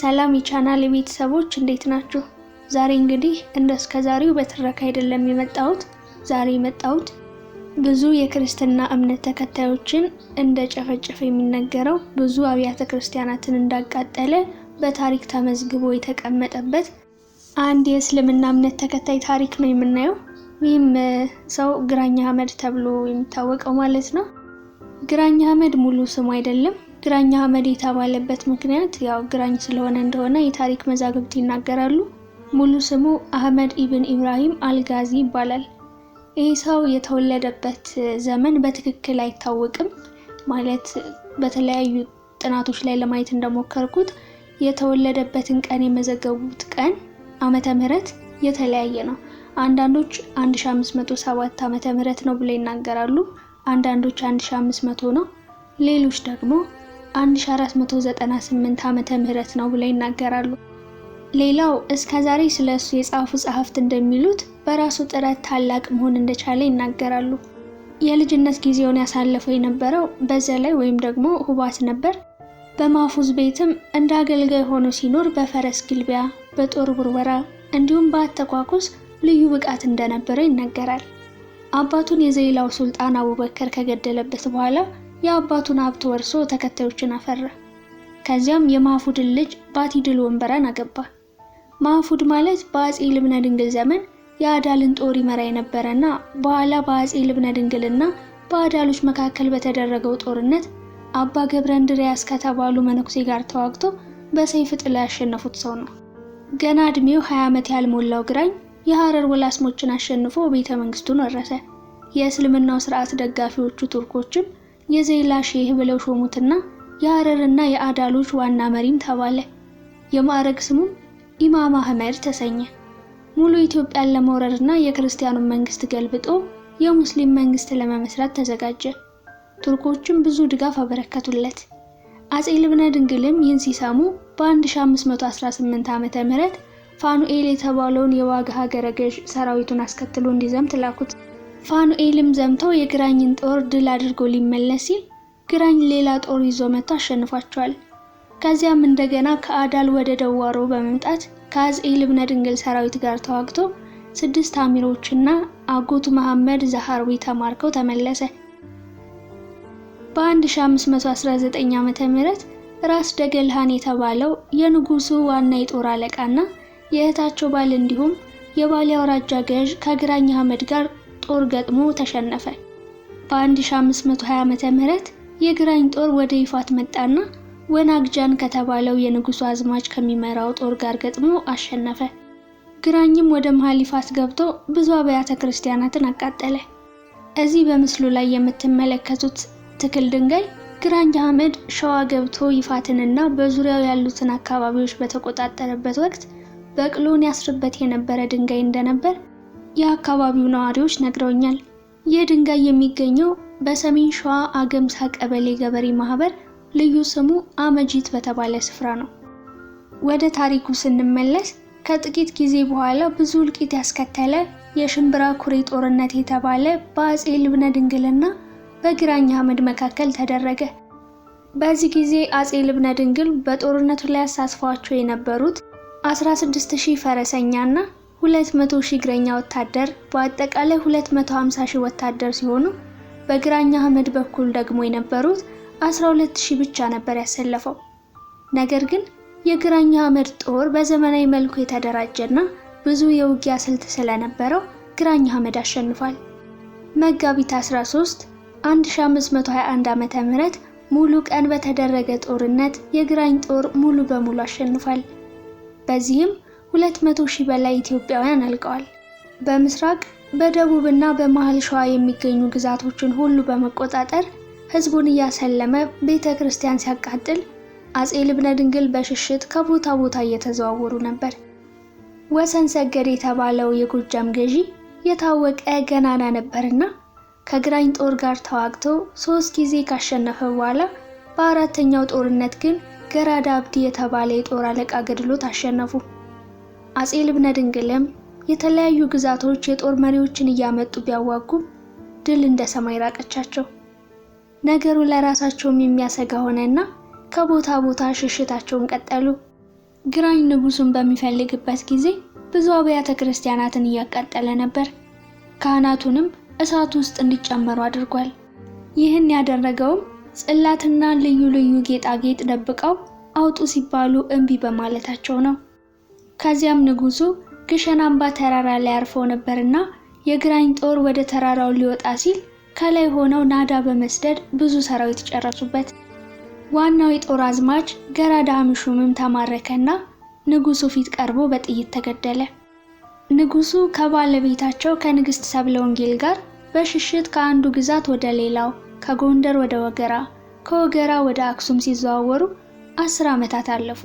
ሰላም የቻናል ቤተሰቦች እንዴት ናችሁ? ዛሬ እንግዲህ እንደ እስከ ዛሬው በትረካ አይደለም የመጣሁት። ዛሬ የመጣሁት ብዙ የክርስትና እምነት ተከታዮችን እንደ ጨፈጨፈ የሚነገረው ብዙ አብያተ ክርስቲያናትን እንዳቃጠለ በታሪክ ተመዝግቦ የተቀመጠበት አንድ የእስልምና እምነት ተከታይ ታሪክ ነው የምናየው። ይህም ሰው ግራኝ አህመድ ተብሎ የሚታወቀው ማለት ነው። ግራኝ አህመድ ሙሉ ስሙ አይደለም ግራኝ አህመድ የተባለበት ምክንያት ያው ግራኝ ስለሆነ እንደሆነ የታሪክ መዛግብት ይናገራሉ። ሙሉ ስሙ አህመድ ኢብን ኢብራሂም አልጋዚ ይባላል። ይህ ሰው የተወለደበት ዘመን በትክክል አይታወቅም። ማለት በተለያዩ ጥናቶች ላይ ለማየት እንደሞከርኩት የተወለደበትን ቀን የመዘገቡት ቀን ዓመተ ምህረት የተለያየ ነው። አንዳንዶች 1507 ዓመተ ምህረት ነው ብለው ይናገራሉ። አንዳንዶች 1500 ነው፣ ሌሎች ደግሞ 1498 ዓመተ ምህረት ነው ብለው ይናገራሉ። ሌላው እስከዛሬ ስለ እሱ የጻፉ ጸሐፍት እንደሚሉት በራሱ ጥረት ታላቅ መሆን እንደቻለ ይናገራሉ። የልጅነት ጊዜውን ያሳለፈው የነበረው በዘላይ ወይም ደግሞ ሁባት ነበር። በማፉዝ ቤትም እንደ አገልጋይ ሆኖ ሲኖር በፈረስ ግልቢያ፣ በጦር ውርወራ እንዲሁም በአተኳኩስ ልዩ ብቃት እንደነበረው ይናገራል። አባቱን የዘይላው ሱልጣን አቡበከር ከገደለበት በኋላ የአባቱን ሀብት ወርሶ ተከታዮችን አፈራ። ከዚያም የማፉድን ልጅ ባቲድል ወንበራን አገባ። ማፉድ ማለት በአጼ ልብነ ድንግል ዘመን የአዳልን ጦር ይመራ የነበረና በኋላ በአጼ ልብነ ድንግልና በአዳሎች መካከል በተደረገው ጦርነት አባ ገብረ እንድሪያስ ከተባሉ መነኩሴ ጋር ተዋግቶ በሰይፍ ጥላ ያሸነፉት ሰው ነው። ገና እድሜው 20 ዓመት ያልሞላው ግራኝ የሐረር ወላስሞችን አሸንፎ ቤተ መንግስቱን ወረሰ። የእስልምናው ስርዓት ደጋፊዎቹ ቱርኮችም የዘይላ ሼህ ብለው ሾሙትና የሐረርና የአዳሎች ዋና መሪም ተባለ። የማዕረግ ስሙም ኢማም አህመድ ተሰኘ። ሙሉ ኢትዮጵያን ለመውረርና የክርስቲያኑን መንግስት ገልብጦ የሙስሊም መንግስት ለመመስረት ተዘጋጀ። ቱርኮችም ብዙ ድጋፍ አበረከቱለት። አጼ ልብነ ድንግልም ይህን ሲሰሙ በ1518 ዓ ም ፋኑኤል የተባለውን የዋግ ሀገረ ገዥ ሰራዊቱን አስከትሎ እንዲዘምት ላኩት። ፋኑኤልም ዘምተው የግራኝን ጦር ድል አድርጎ ሊመለስ ሲል ግራኝ ሌላ ጦር ይዞ መጥቶ አሸንፏቸዋል። ከዚያም እንደገና ከአዳል ወደ ደዋሮ በመምጣት ከአዝኤል እብነ ድንግል ሰራዊት ጋር ተዋግቶ ስድስት አሚሮችና አጎቱ መሐመድ ዘሐርዊ ተማርከው ተመለሰ። በ1519 ዓ ም ራስ ደገልሃን የተባለው የንጉሱ ዋና የጦር አለቃና የእህታቸው ባል እንዲሁም የባሌ አውራጃ ገዥ ከግራኝ አህመድ ጋር ጦር ገጥሞ ተሸነፈ። በ1520 ዓ.ም የግራኝ ጦር ወደ ይፋት መጣና ወናግጃን ከተባለው የንጉሱ አዝማች ከሚመራው ጦር ጋር ገጥሞ አሸነፈ። ግራኝም ወደ መሀል ይፋት ገብቶ ብዙ አብያተ ክርስቲያናትን አቃጠለ። እዚህ በምስሉ ላይ የምትመለከቱት ትክል ድንጋይ ግራኝ አህመድ ሸዋ ገብቶ ይፋትንና በዙሪያው ያሉትን አካባቢዎች በተቆጣጠረበት ወቅት በቅሎን ያስርበት የነበረ ድንጋይ እንደነበር የአካባቢው ነዋሪዎች ነግረውኛል። ይህ ድንጋይ የሚገኘው በሰሜን ሸዋ አገምሳ ቀበሌ ገበሬ ማህበር ልዩ ስሙ አመጂት በተባለ ስፍራ ነው። ወደ ታሪኩ ስንመለስ ከጥቂት ጊዜ በኋላ ብዙ እልቂት ያስከተለ የሽምብራ ኩሬ ጦርነት የተባለ በአጼ ልብነ ድንግልና በግራኝ አህመድ መካከል ተደረገ። በዚህ ጊዜ አጼ ልብነ ድንግል በጦርነቱ ላይ ያሳትፏቸው የነበሩት 16 ሺህ ፈረሰኛ ና። 200 ሺህ እግረኛ ወታደር በአጠቃላይ 250 ሺህ ወታደር ሲሆኑ በግራኛ አህመድ በኩል ደግሞ የነበሩት 12 ሺህ ብቻ ነበር ያሰለፈው። ነገር ግን የግራኛ አህመድ ጦር በዘመናዊ መልኩ የተደራጀና ብዙ የውጊያ ስልት ስለነበረው ግራኛ አህመድ አሸንፏል። መጋቢት 13 1521 ዓመተ ምህረት ሙሉ ቀን በተደረገ ጦርነት የግራኝ ጦር ሙሉ በሙሉ አሸንፏል። በዚህም ሁለት ሺህ በላይ ኢትዮጵያውያን አልቀዋል። በምስራቅ በደቡብና በመሃል ሸዋ የሚገኙ ግዛቶችን ሁሉ በመቆጣጠር ህዝቡን እያሰለመ ቤተ ክርስቲያን ሲያቃጥል አጼ ልብነ ድንግል በሽሽት ከቦታ ቦታ እየተዘዋወሩ ነበር። ወሰን ሰገድ የተባለው የጎጃም ገዢ የታወቀ ገናና ነበርና ከግራኝ ጦር ጋር ተዋግቶ ሶስት ጊዜ ካሸነፈ በኋላ በአራተኛው ጦርነት ግን ገራዳ አብዲ የተባለ የጦር አለቃ ገድሎት አሸነፉ። አጼ ልብነ ድንግልም የተለያዩ ግዛቶች የጦር መሪዎችን እያመጡ ቢያዋጉም ድል እንደ ሰማይ ራቀቻቸው። ነገሩ ለራሳቸውም የሚያሰጋ ሆነና ከቦታ ቦታ ሽሽታቸውን ቀጠሉ። ግራኝ ንጉሱን በሚፈልግበት ጊዜ ብዙ አብያተ ክርስቲያናትን እያቃጠለ ነበር። ካህናቱንም እሳት ውስጥ እንዲጨመሩ አድርጓል። ይህን ያደረገውም ጽላትና ልዩ ልዩ ጌጣጌጥ ደብቀው አውጡ ሲባሉ እምቢ በማለታቸው ነው። ከዚያም ንጉሱ ግሸን አምባ ተራራ ላይ አርፎ ነበርና የግራኝ ጦር ወደ ተራራው ሊወጣ ሲል ከላይ ሆነው ናዳ በመስደድ ብዙ ሰራዊት ጨረሱበት። ዋናው የጦር አዝማች ገራዳ አምሹምም ተማረከና ንጉሱ ፊት ቀርቦ በጥይት ተገደለ። ንጉሱ ከባለቤታቸው ከንግስት ሰብለ ወንጌል ጋር በሽሽት ከአንዱ ግዛት ወደ ሌላው ከጎንደር ወደ ወገራ ከወገራ ወደ አክሱም ሲዘዋወሩ አስር ዓመታት አለፉ።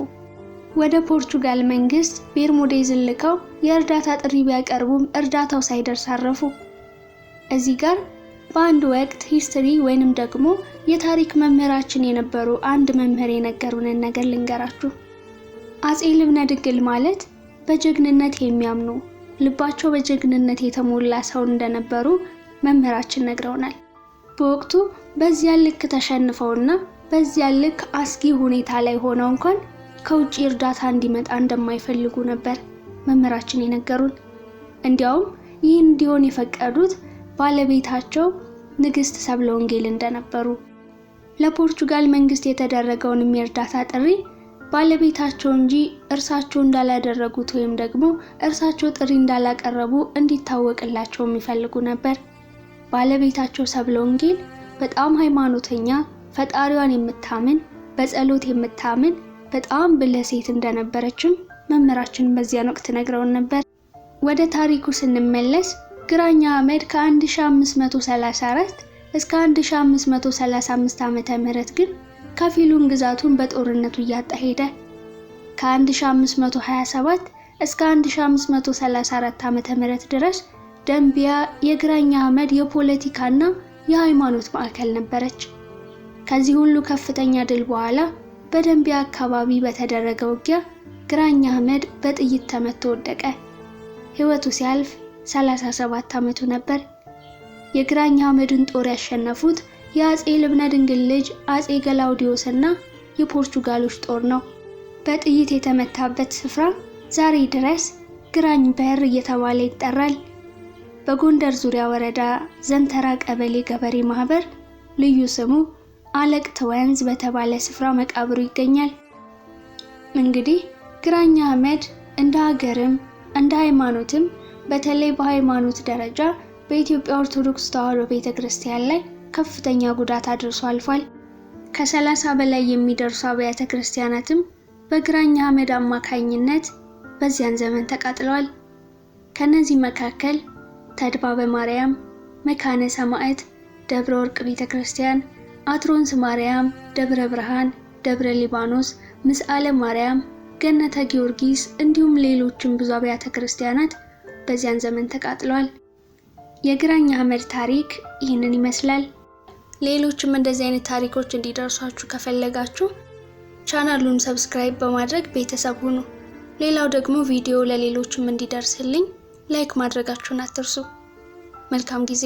ወደ ፖርቹጋል መንግስት ቤርሙዴዝን ልከው የእርዳታ ጥሪ ቢያቀርቡም እርዳታው ሳይደርስ አረፉ። እዚህ ጋር በአንድ ወቅት ሂስትሪ ወይንም ደግሞ የታሪክ መምህራችን የነበሩ አንድ መምህር የነገሩንን ነገር ልንገራችሁ። አጼ ልብነ ድንግል ማለት በጀግንነት የሚያምኑ ልባቸው በጀግንነት የተሞላ ሰው እንደነበሩ መምህራችን ነግረውናል። በወቅቱ በዚያ ልክ ተሸንፈውና በዚያ ልክ አስጊ ሁኔታ ላይ ሆነው እንኳን ከውጭ እርዳታ እንዲመጣ እንደማይፈልጉ ነበር መምህራችን የነገሩን። እንዲያውም ይህ እንዲሆን የፈቀዱት ባለቤታቸው ንግስት ሰብለ ወንጌል እንደነበሩ። ለፖርቹጋል መንግስት የተደረገውንም የእርዳታ ጥሪ ባለቤታቸው እንጂ እርሳቸው እንዳላደረጉት ወይም ደግሞ እርሳቸው ጥሪ እንዳላቀረቡ እንዲታወቅላቸው የሚፈልጉ ነበር። ባለቤታቸው ሰብለ ወንጌል በጣም ሃይማኖተኛ፣ ፈጣሪዋን የምታምን በጸሎት የምታምን በጣም ብለ ሴት እንደነበረችም መምህራችን በዚያን ወቅት ነግረውን ነበር። ወደ ታሪኩ ስንመለስ ግራኛ አህመድ ከ1534 እስከ 1535 ዓመተ ምህረት ግን ከፊሉን ግዛቱን በጦርነቱ እያጣ ሄደ። ከ1527 እስከ 1534 ዓመተ ምህረት ድረስ ደንቢያ የግራኛ አህመድ የፖለቲካና የሃይማኖት ማዕከል ነበረች። ከዚህ ሁሉ ከፍተኛ ድል በኋላ በደንቢያ አካባቢ በተደረገ ውጊያ ግራኛ አህመድ በጥይት ተመቶ ወደቀ። ሕይወቱ ሲያልፍ 37 ዓመቱ ነበር። የግራኛ አህመድን ጦር ያሸነፉት የአጼ ልብነ ድንግል ልጅ አጼ ገላውዲዮስ እና የፖርቹጋሎች ጦር ነው። በጥይት የተመታበት ስፍራ ዛሬ ድረስ ግራኝ በር እየተባለ ይጠራል። በጎንደር ዙሪያ ወረዳ ዘንተራ ቀበሌ ገበሬ ማህበር ልዩ ስሙ አለቅት ወንዝ በተባለ ስፍራ መቃብሩ ይገኛል። እንግዲህ ግራኛ አህመድ እንደ ሀገርም እንደ ሃይማኖትም በተለይ በሃይማኖት ደረጃ በኢትዮጵያ ኦርቶዶክስ ተዋሕዶ ቤተ ክርስቲያን ላይ ከፍተኛ ጉዳት አድርሶ አልፏል። ከ ከ30 በላይ የሚደርሱ አብያተ ክርስቲያናትም በግራኛ አህመድ አማካኝነት በዚያን ዘመን ተቃጥለዋል። ከነዚህ መካከል ተድባበ ማርያም፣ መካነ ሰማዕት፣ ደብረ ወርቅ ቤተ ክርስቲያን አትሮንስ ማርያም፣ ደብረ ብርሃን፣ ደብረ ሊባኖስ፣ ምስአለ ማርያም፣ ገነተ ጊዮርጊስ እንዲሁም ሌሎችም ብዙ አብያተ ክርስቲያናት በዚያን ዘመን ተቃጥለዋል። የግራኛ አህመድ ታሪክ ይህንን ይመስላል። ሌሎችም እንደዚህ አይነት ታሪኮች እንዲደርሷችሁ ከፈለጋችሁ ቻናሉን ሰብስክራይብ በማድረግ ቤተሰብ ሁኑ። ሌላው ደግሞ ቪዲዮ ለሌሎችም እንዲደርስልኝ ላይክ ማድረጋችሁን አትርሱ። መልካም ጊዜ